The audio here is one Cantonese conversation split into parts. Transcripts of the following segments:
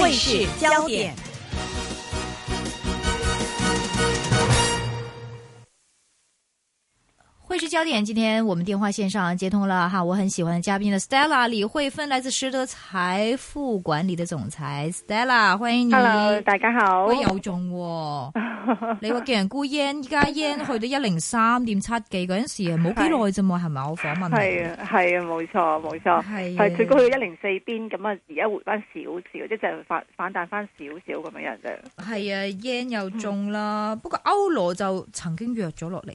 匯市焦點。匯市焦點，今天我們電話線上接通了哈，我很喜歡的嘉賓的 Stella 李慧芬，來自實德財富管理的總裁 Stella，歡迎你。Hello，大家好。又中，你話既然沽煙，e 依家煙去到一零三點七幾嗰陣時啊，冇幾耐啫嘛，係咪？我訪問你。係啊，係啊，冇錯，冇錯，係係最高去一零四邊，咁啊而家回翻少少，即係反反彈翻少少咁樣樣啫。係啊，煙又中啦，不過歐羅就曾經弱咗落嚟。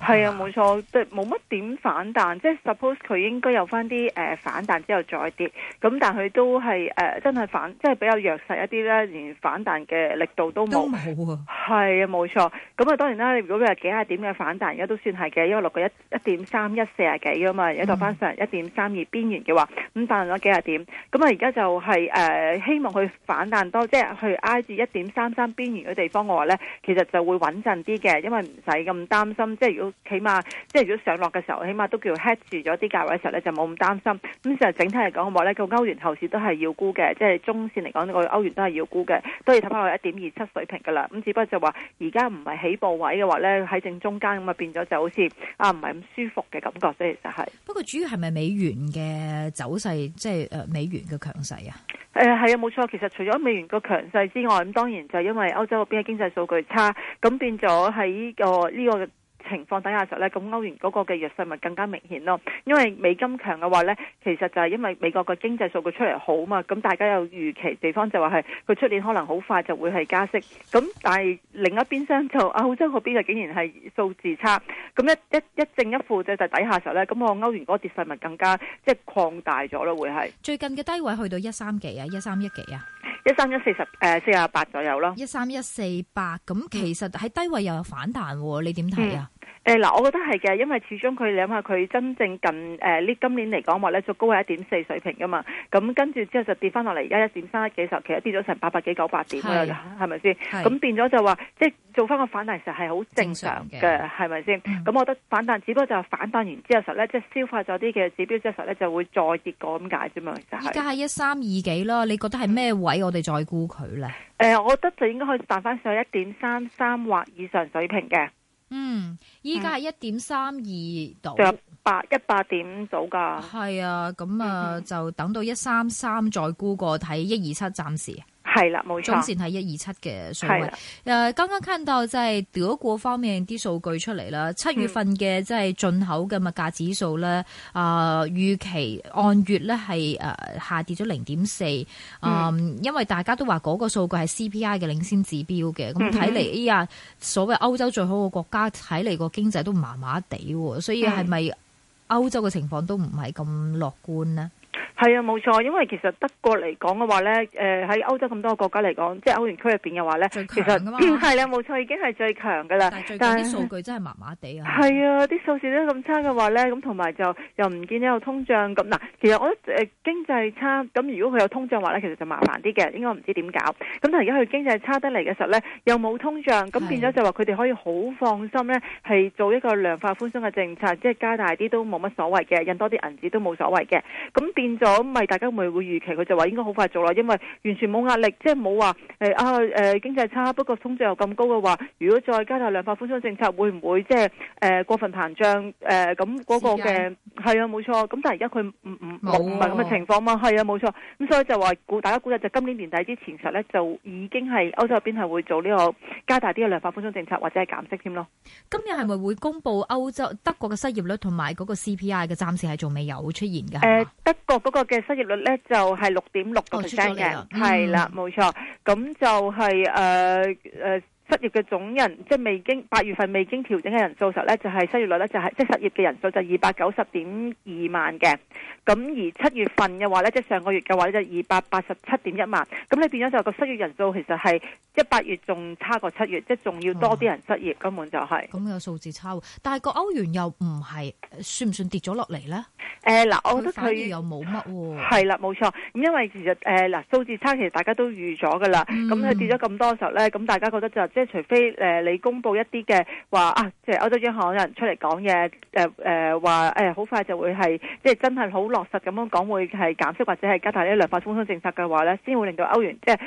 係啊，冇錯。冇乜點反彈，即係 suppose 佢應該有翻啲誒反彈之後再跌，咁但佢都係誒、呃、真係反，即係比較弱勢一啲啦，連反彈嘅力度都冇，係啊，冇錯。咁啊當然啦，如果係幾廿點嘅反彈，而家都算係嘅，因為落過一一點三一四啊幾啊嘛，而家就翻上一點三二邊緣嘅話，咁反彈咗幾廿點，咁啊而家就係、是、誒、呃、希望佢反彈多，即係去挨住一點三三邊緣嘅地方嘅話咧，其實就會穩陣啲嘅，因為唔使咁擔心，即係如果起碼。即係如果上落嘅時候，起碼都叫 hedge 住咗啲價位嘅時候咧，就冇咁擔心。咁就整體嚟講嘅話咧，個歐元後市都係要沽嘅。即係中線嚟講，呢個歐元都係要沽嘅，都要睇返佢一點二七水平㗎喇。咁只不過就話而家唔係起步位嘅話呢，喺正中間咁啊變咗就好似啊唔係咁舒服嘅感覺。所以就係、係、不過主要係咪美元嘅走勢，即係誒美元嘅強勢啊？誒係啊，冇錯。其實除咗美元個強勢之外，咁當然就因為歐洲嗰邊嘅經濟數據差，咁變咗喺個呢個。呢個情況底下嘅時候咧，咁歐元嗰個嘅弱勢咪更加明顯咯。因為美金強嘅話咧，其實就係因為美國嘅經濟數據出嚟好嘛，咁大家有預期地方就話係佢出年可能好快就會係加息。咁但係另一邊廂就澳洲嗰邊就竟然係數字差，咁一一一正一負就就底下嘅時候咧，咁我歐元嗰個跌勢咪更加即係擴大咗咯，會係最近嘅低位去到一三幾啊，一三一幾啊，一三一四十誒、呃、四廿八左右咯，一三一四八咁其實喺低位又有反彈，你點睇啊？誒嗱，我覺得係嘅，因為始終佢諗下佢真正近誒呢今年嚟講話咧，就高係一點四水平噶嘛，咁跟住之後就跌翻落嚟，而家一點三幾十，其實跌咗成八百幾九百點，係咪先？咁變咗就話即係做翻個反彈，時係好正常嘅，係咪先？咁我覺得反彈只不過就係反彈完之後實咧，即係消化咗啲嘅指標之後實咧，就會再跌過咁解啫嘛。而家係一三二幾啦，你覺得係咩位我哋再估佢咧？誒，我覺得就應該可以彈翻上一點三三或以上水平嘅。嗯，依家係一點三二度，就八一八點度噶，係啊，咁、嗯、啊、嗯、就等到一三三再沽過睇一二七，暫時。係啦，冇錯。中線係一二七嘅水平。誒的、呃，剛剛看到即係德國方面啲數據出嚟啦，七月份嘅即係進口嘅物價指數咧，啊、嗯呃，預期按月咧係誒下跌咗零點四。啊、嗯，因為大家都話嗰個數據係 CPI 嘅領先指標嘅，咁睇嚟，哎呀，所謂歐洲最好嘅國家，睇嚟個經濟都麻麻地喎。所以係咪歐洲嘅情況都唔係咁樂觀呢？嗯係啊，冇錯，因為其實德國嚟講嘅話咧，誒喺歐洲咁多個國家嚟講，即係歐元區入邊嘅話咧，其實係啦，冇錯，已經係最強㗎喇。但係最近啲數據真係麻麻地啊！係啊，啲數字都咁差嘅話咧，咁同埋就又唔見得有通脹咁嗱。其實我覺得經濟差咁，如果佢有通脹話咧，其實就麻煩啲嘅，應該唔知點搞。咁但係而家佢經濟差得嚟嘅時候咧，又冇通脹，咁變咗就話佢哋可以好放心咧，係做一個量化寬鬆嘅政策，即係加大啲都冇乜所謂嘅，印多啲銀紙都冇所謂嘅，咁變。變咗咪大家會唔會預期佢就話應該好快做啦，因為完全冇壓力，即係冇話誒啊誒經濟差，不過通脹又咁高嘅話，如果再加大量化寬鬆政策，會唔會即係誒過分膨脹誒？咁嗰個嘅係啊，冇錯。咁但係而家佢唔唔冇唔係咁嘅情況嘛？係啊，冇錯。咁所以就話估大家估計就今年年底之前實咧就已經係歐洲入邊係會做呢個加大啲嘅量化寬鬆政策或者係減息添咯。今日係咪會公布歐洲德國嘅失業率同埋嗰個 CPI 嘅暫時係仲未有出現噶？誒，德國。嗰個嘅失業率咧就係六點六個 percent 嘅，係啦、哦，冇錯，咁的、嗯、就係誒誒。呃呃失業嘅總人即係未經八月份未經調整嘅人數時候咧，就係、是、失業率咧就係、是、即係失業嘅人數就二百九十點二萬嘅。咁而七月份嘅話咧，即係上個月嘅話就二百八十七點一萬。咁你變咗就個失業人數其實係即係八月仲差過七月，即係仲要多啲人失業，根本就係、是。咁、啊、有數字差喎，但係個歐元又唔係算唔算跌咗落嚟咧？誒嗱、欸，我覺得佢又冇乜喎。係、啊、啦，冇錯。咁因為其實誒嗱、欸、數字差其實大家都預咗㗎啦。咁佢跌咗咁多時候咧，咁大家覺得就是。即係除非誒、呃、你公布一啲嘅話啊，即係歐洲央行有人出嚟講嘢，誒誒話誒好快就會係即係真係好落實咁樣講，會係減息或者係加大啲量化寬鬆政策嘅話咧，先會令到歐元即係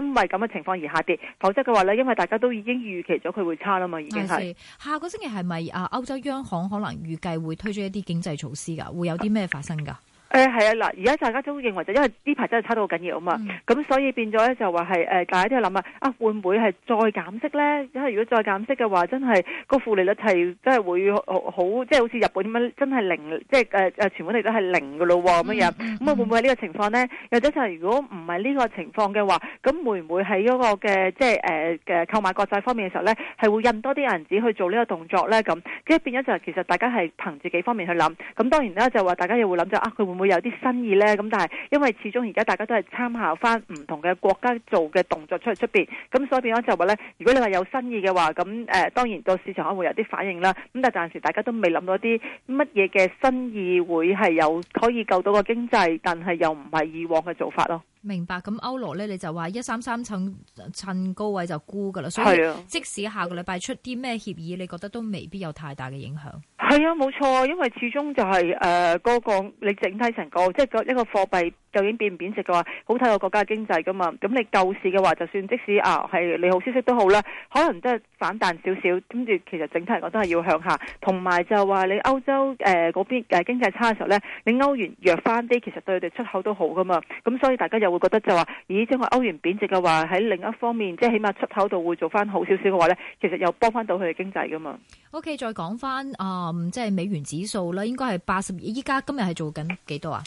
因為咁嘅情況而下跌。否則嘅話咧，因為大家都已經預期咗佢會差啦嘛，已經係下個星期係咪啊？歐洲央行可能預計會推出一啲經濟措施噶，會有啲咩發生噶？啊誒係啊！嗱，而家大家都認為就因為呢排真係差到好緊要啊嘛，咁所以變咗咧就話係誒大家都諗啊，啊會唔會係再減息咧？因為如果再減息嘅話，真係個負利率係真係會好即係好似日本咁樣，真係零即係誒誒存款利率都係零嘅咯喎咁樣？咁啊會唔會係呢個情況咧？有啲就係如果唔係呢個情況嘅話，咁會唔會喺嗰個嘅即係誒嘅購買國債方面嘅時候咧，係會印多啲銀紙去做呢個動作咧？咁即係變咗就其實大家係憑自己方面去諗。咁當然啦，就話大家又會諗就啊，佢會唔會？會有啲新意呢，咁但係因為始終而家大家都係參考翻唔同嘅國家做嘅動作出出邊，咁所以變咗就話呢：如果你話有新意嘅話，咁誒、呃、當然個市場可能會有啲反應啦。咁但係暫時大家都未諗到啲乜嘢嘅新意會係有可以救到個經濟，但係又唔係以往嘅做法咯。明白。咁歐羅呢，你就話一三三趁趁高位就沽噶啦，所以即使下個禮拜出啲咩協議，你覺得都未必有太大嘅影響。係啊，冇錯，因為始終就係誒嗰個你整體成個即係個一個貨幣究竟變唔貶值嘅話，好睇個國家經濟噶嘛。咁你救市嘅話，就算即使啊係利好消息都好啦，可能都係反彈少少，跟住其實整體嚟講都係要向下。同埋就話你歐洲誒嗰邊誒經濟差嘅時候呢，你歐元弱翻啲，其實對佢哋出口都好噶嘛。咁所以大家又會覺得就話，咦，即係歐元貶值嘅話，喺另一方面即係起碼出口度會做翻好少少嘅話呢，其實又幫翻到佢哋經濟噶嘛。OK，再講翻啊～、uh 嗯，即係美元指數啦，應該係八十二。依家今日係做緊幾多啊？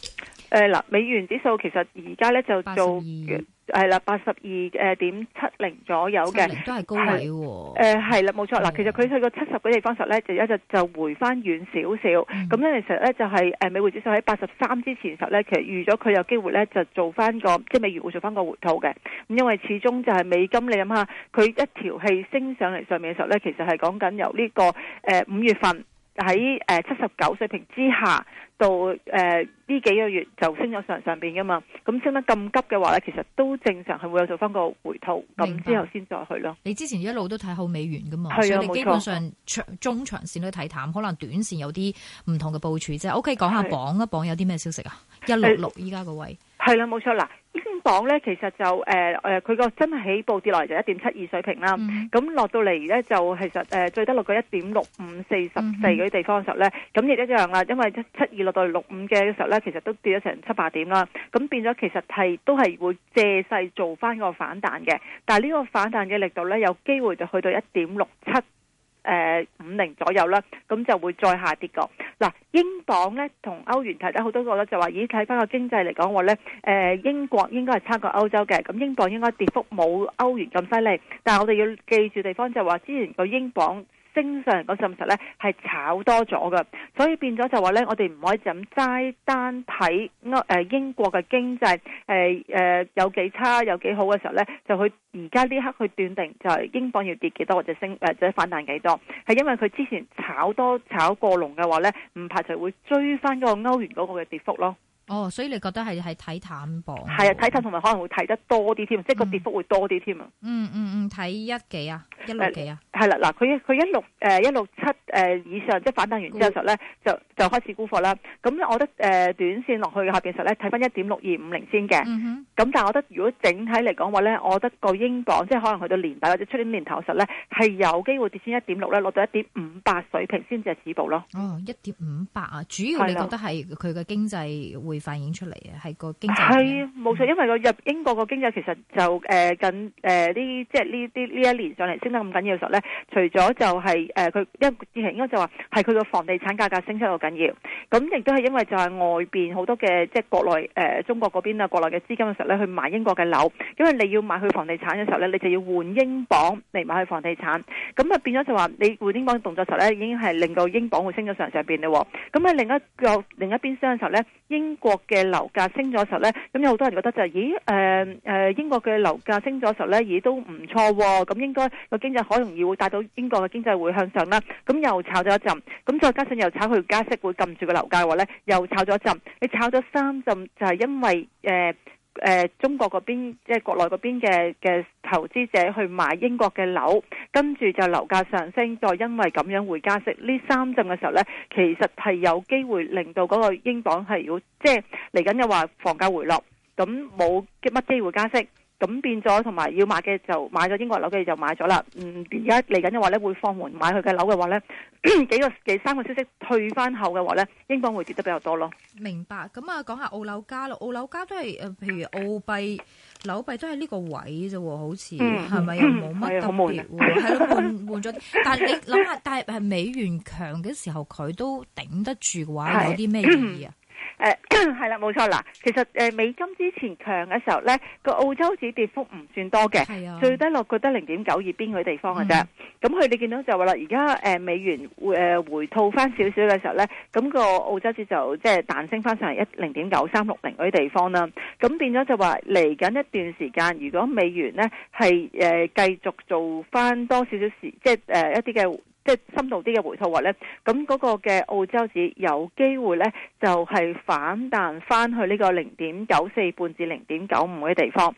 誒，嗱，美元指數其實而家咧就做係啦，八十二誒點七零左右嘅，都係高位喎。誒，係啦，冇錯嗱。其實佢去個七十嘅地方時咧，就一日就回翻軟少少。咁咧，其實咧就係誒美匯指數喺八十三之前時咧，其實預咗佢有機會咧就做翻個即係美元會做翻個回吐嘅，因為始終就係美金，你諗下佢一條氣升上嚟上面嘅時候咧，其實係講緊由呢個誒五月份。喺誒七十九水平之下到誒呢、呃、幾個月就升咗上上邊噶嘛，咁升得咁急嘅話咧，其實都正常係會有做返個回吐，咁白之後先再去咯。你之前一路都睇好美元噶嘛，的所以你基本上長中長線都睇淡，錯可能短線有啲唔同嘅部署啫。OK，講下榜一的榜有啲咩消息啊？一六六依家個位。係啦，冇錯啦。英鎊咧，其實就誒誒，佢個真係起步跌落嚟就一點七二水平啦。咁落到嚟咧，hmm. 嗯嗯、就其實誒最低落到一點六五四十四嗰啲地方嘅時候咧，咁亦一樣啦。因為七七二落到六五嘅時候咧，其實都跌咗成七八點啦。咁變咗其實係都係會借勢做翻個反彈嘅，但係呢個反彈嘅力度咧，有機會就去到一點六七。誒，五零，uh, 左右啦，咁就會再下跌過。嗱、啊，英鎊咧，同歐元睇得好多個咧，就話，咦，睇翻個經濟嚟講話咧，誒，英國應該係差過歐洲嘅，咁英鎊應該跌幅冇歐元咁犀利，但係我哋要記住地方就係話，之前個英鎊。正常個事實咧係炒多咗嘅，所以變咗就話咧，我哋唔可以就咁齋單睇歐誒英國嘅經濟誒誒、呃呃、有幾差有幾好嘅時候咧，就去而家呢刻去斷定就係英鎊要跌幾多或者升或者、呃、反彈幾多，係因為佢之前炒多炒過龍嘅話咧，唔排除會追翻嗰個歐元嗰個嘅跌幅咯。哦，所以你覺得係係睇淡噃？係啊，睇淡同埋可能會睇得多啲添，即係個跌幅會多啲添啊。嗯嗯嗯，睇一幾啊，一六幾啊？係啦、呃，嗱，佢佢一六誒、呃、一六七誒以上，呃、即係反彈完之後實咧，就就開始沽貨啦。咁我覺得誒短線落去嘅下邊實咧，睇返一點六二五零先嘅。咁但係我覺得，如果整體嚟講話咧，我覺得個英鎊即係可能去到年底或者出年年頭實咧，係有機會跌穿一點六咧，落到一點五八水平先至係止步咯。哦，一點五八啊，主要你覺得係佢嘅經濟會？反映出嚟啊，係個經濟係冇錯，因為個入英國個經濟其實就誒緊誒呢即係呢啲呢一年上嚟升得咁緊要嘅時候咧，除咗就係誒佢因為之前應該就話係佢個房地產價格升得好緊要，咁亦都係因為就係外邊好多嘅即係國內誒、呃、中國嗰邊啊，國內嘅資金嘅時候咧去買英國嘅樓，因為你要買去房地產嘅時候咧，你就要換英鎊嚟買去房地產，咁啊變咗就話你換英鎊動作時候咧，已經係令到英鎊會升咗上上邊嘞，咁喺另一個另一邊商嘅時候咧，英。英國嘅樓價升咗時候呢，咁有好多人覺得就係、是，咦，誒、呃、誒、呃，英國嘅樓價升咗時候呢，咦都唔錯、哦，咁應該個經濟好容易會帶到英國嘅經濟會向上啦，咁又炒咗一浸，咁再加上又炒佢加息會撳住個樓價嘅話呢，又炒咗一浸，你炒咗三浸就係因為誒。呃誒、呃，中國嗰邊即係國內嗰邊嘅嘅投資者去買英國嘅樓，跟住就樓價上升，再因為咁樣會加息，呢三陣嘅時候呢，其實係有機會令到嗰個英鎊係要，即係嚟緊就話，房價回落，咁冇乜機會加息。咁變咗，同埋要買嘅就買咗英國樓嘅就買咗啦。嗯，而家嚟緊嘅話咧，會放緩買佢嘅樓嘅話咧，幾個幾三個消息退翻後嘅話咧，應該會跌得比較多咯。明白。咁啊，講下澳樓價咯，澳樓價都係誒，譬如澳幣、紐幣都喺呢個位啫喎，好似係咪又冇乜特別？係咯，換換咗。但係你諗下，但係係美元強嘅時候，佢都頂得住嘅話，有啲咩意義啊？的 誒，係啦，嗯，冇錯啦。其實誒、呃，美金之前強嘅時候咧，個澳洲紙跌幅唔算多嘅，最的低落覺得零點九二邊個地方嘅啫。咁佢哋見到就話啦，而家誒美元誒回，回吐翻少少嘅時候咧，咁，那個澳洲紙就即係彈升翻上嚟一零點九三六零嗰啲地方啦。咁變咗就話嚟緊一段時間，如果美元咧係誒繼續做翻多少少時，即係誒、呃、一啲嘅。即係深度啲嘅回吐話咧，咁嗰個嘅澳洲市有機會咧，就係、是、反彈翻去呢個零點九四半至零點九五嘅地方。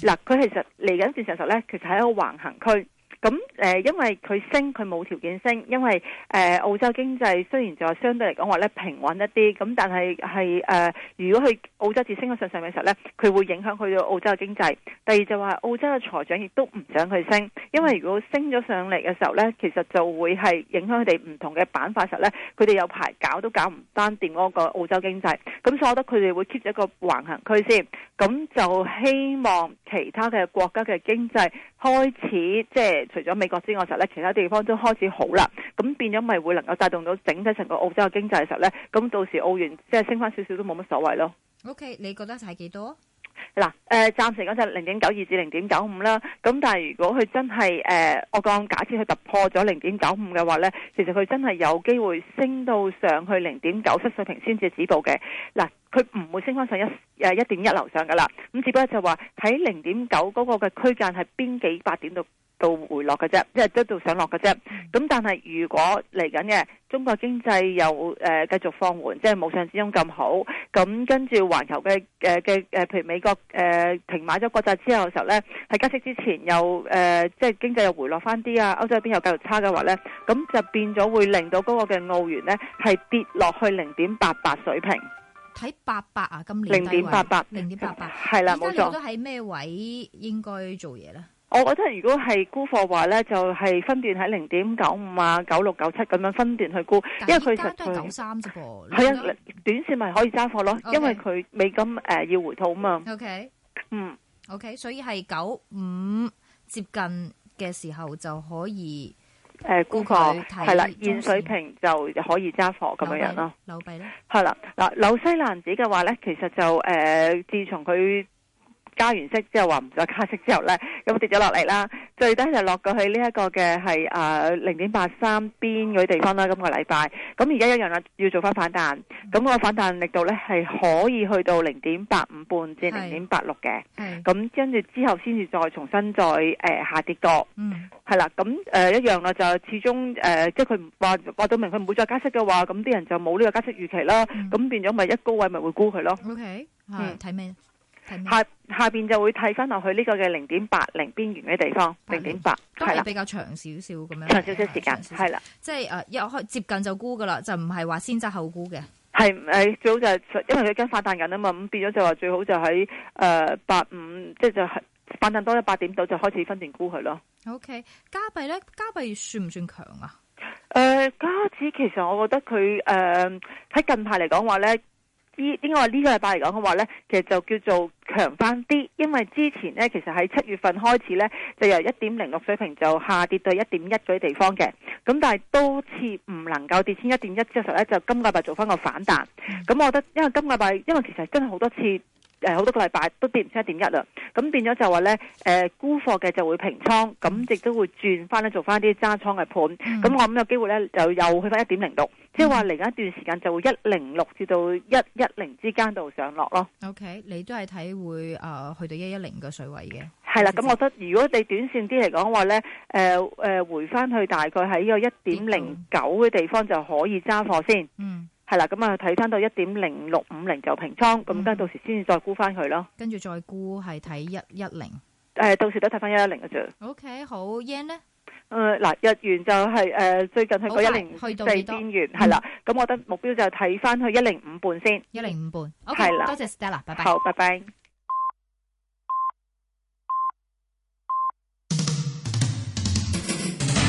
嗱，佢 其實嚟緊段上實咧，其實喺一個橫行區。咁誒、呃，因為佢升佢冇條件升，因為誒、呃、澳洲經濟雖然就相對嚟講話咧平穩一啲，咁但係係誒，如果佢澳洲只升咗上上嘅時候咧，佢會影響佢嘅澳洲嘅經濟。第二就話澳洲嘅財長亦都唔想佢升，因為如果升咗上嚟嘅時候咧，其實就會係影響佢哋唔同嘅板塊實咧，佢哋有排搞都搞唔單掂嗰個澳洲經濟。咁所以我覺得佢哋會 keep 住一個橫行區先。咁就希望其他嘅國家嘅經濟開始即係。除咗美國之外，實咧其他地方都開始好啦。咁變咗咪會能夠帶動到整體成個澳洲嘅經濟嘅時候咧，咁到時澳元即係升翻少少都冇乜所謂咯。O、okay, K，你覺得睇幾多？嗱，誒，暫時講就零點九二至零點九五啦。咁但係如果佢真係誒、呃，我講假設佢突破咗零點九五嘅話咧，其實佢真係有機會升到上去零點九七水平先至止步嘅。嗱、呃，佢唔會升翻上一誒一點一樓上噶啦。咁只不過就話睇零點九嗰個嘅區間係邊幾百點度。到回落嘅啫，即係都度上落嘅啫。咁但係如果嚟緊嘅中國經濟又誒呃、繼續放緩，即係冇上之中咁好。咁跟住環球嘅誒嘅誒，譬如美國誒、呃、停買咗國債之後嘅時候咧，喺加息之前又誒、呃、即係經濟又回落翻啲啊。歐洲邊又繼續差嘅話咧，咁就變咗會令到嗰個嘅澳元咧係跌落去零點八八水平。睇八八啊，今年零點八八，零點八八係啦，冇錯是。而家用喺咩位應該做嘢咧？我覺得如果係沽貨話咧，就係分段喺零點九五啊、九六、九七咁樣分段去沽，因為佢實在係九三啫喎。係啊，短線咪可以揸貨咯，因為佢美金誒要回吐啊嘛。O K，嗯，O K，所以係九五接近嘅時候就可以誒沽貨，係啦，現水平就可以揸貨咁樣樣咯。紐幣咧，係啦，嗱，紐西蘭紙嘅話咧，其實就誒，自從佢。加完息之後話唔再加息之後呢，咁跌咗落嚟啦，最低就落過去呢一個嘅係誒零點八三邊嗰啲地方啦。今個禮拜，咁而家一樣啦，要做翻反彈，咁、嗯、個反彈力度呢係可以去到零點八五半至零點八六嘅。咁跟住之後，先至再重新再誒、呃、下跌多。嗯，係啦，咁誒、呃、一樣啦，就始終誒、呃、即係佢話話到明，佢唔會再加息嘅話，咁啲人就冇呢個加息預期啦。咁、嗯、變咗咪一高位咪會沽佢咯。O K，睇咩？下下邊就會睇翻落去呢個嘅零點八零邊緣嘅地方，零點八係比較長少少咁樣，長少少時間係啦，點點的即係誒一開接近就沽噶啦，就唔係話先揸後沽嘅，係誒最好就係、是、因為佢跟反彈緊啊嘛，咁變咗就話最好就喺誒八五，即、呃、係就係反彈多咗八點度就開始分段沽佢咯。O、okay, K，加幣咧，加幣算唔算強啊？誒、呃，加紙其實我覺得佢誒喺近排嚟講話咧。應該話呢個禮拜嚟講嘅話呢，其實就叫做強翻啲，因為之前呢，其實喺七月份開始呢，就由一點零六水平就下跌到一點一嗰啲地方嘅，咁但係多次唔能夠跌穿一點一之後呢，就今個禮拜做翻個反彈，咁、嗯、我覺得因為今個禮拜，因為其實真係好多次。誒好多個禮拜都跌唔出一點一啦，咁變咗就話咧，誒、呃、沽貨嘅就會平倉，咁亦都會轉翻咧做翻啲揸倉嘅盤，咁、嗯、我諗有機會咧就又去翻一點零六，即係話嚟緊一段時間就會一零六至到一一零之間度上落咯。OK，你都係睇會啊、呃、去到一一零嘅水位嘅。係啦，咁我覺得如果你短線啲嚟講話咧，誒、呃、誒、呃、回翻去大概喺呢個一點零九嘅地方就可以揸貨先。嗯。係啦，咁啊睇翻到一點零六五零就平倉，咁跟住到時先至再沽翻佢咯。跟住再沽係睇一一零，誒，到時都睇翻一一零嘅啫。OK，好，Yen 咧，誒，嗱，日元就係誒最近去過一零四邊緣，係啦，咁我覺得目標就係睇翻去一零五半先，一零五半。OK，係啦，多謝 Stella，拜拜，好，拜拜。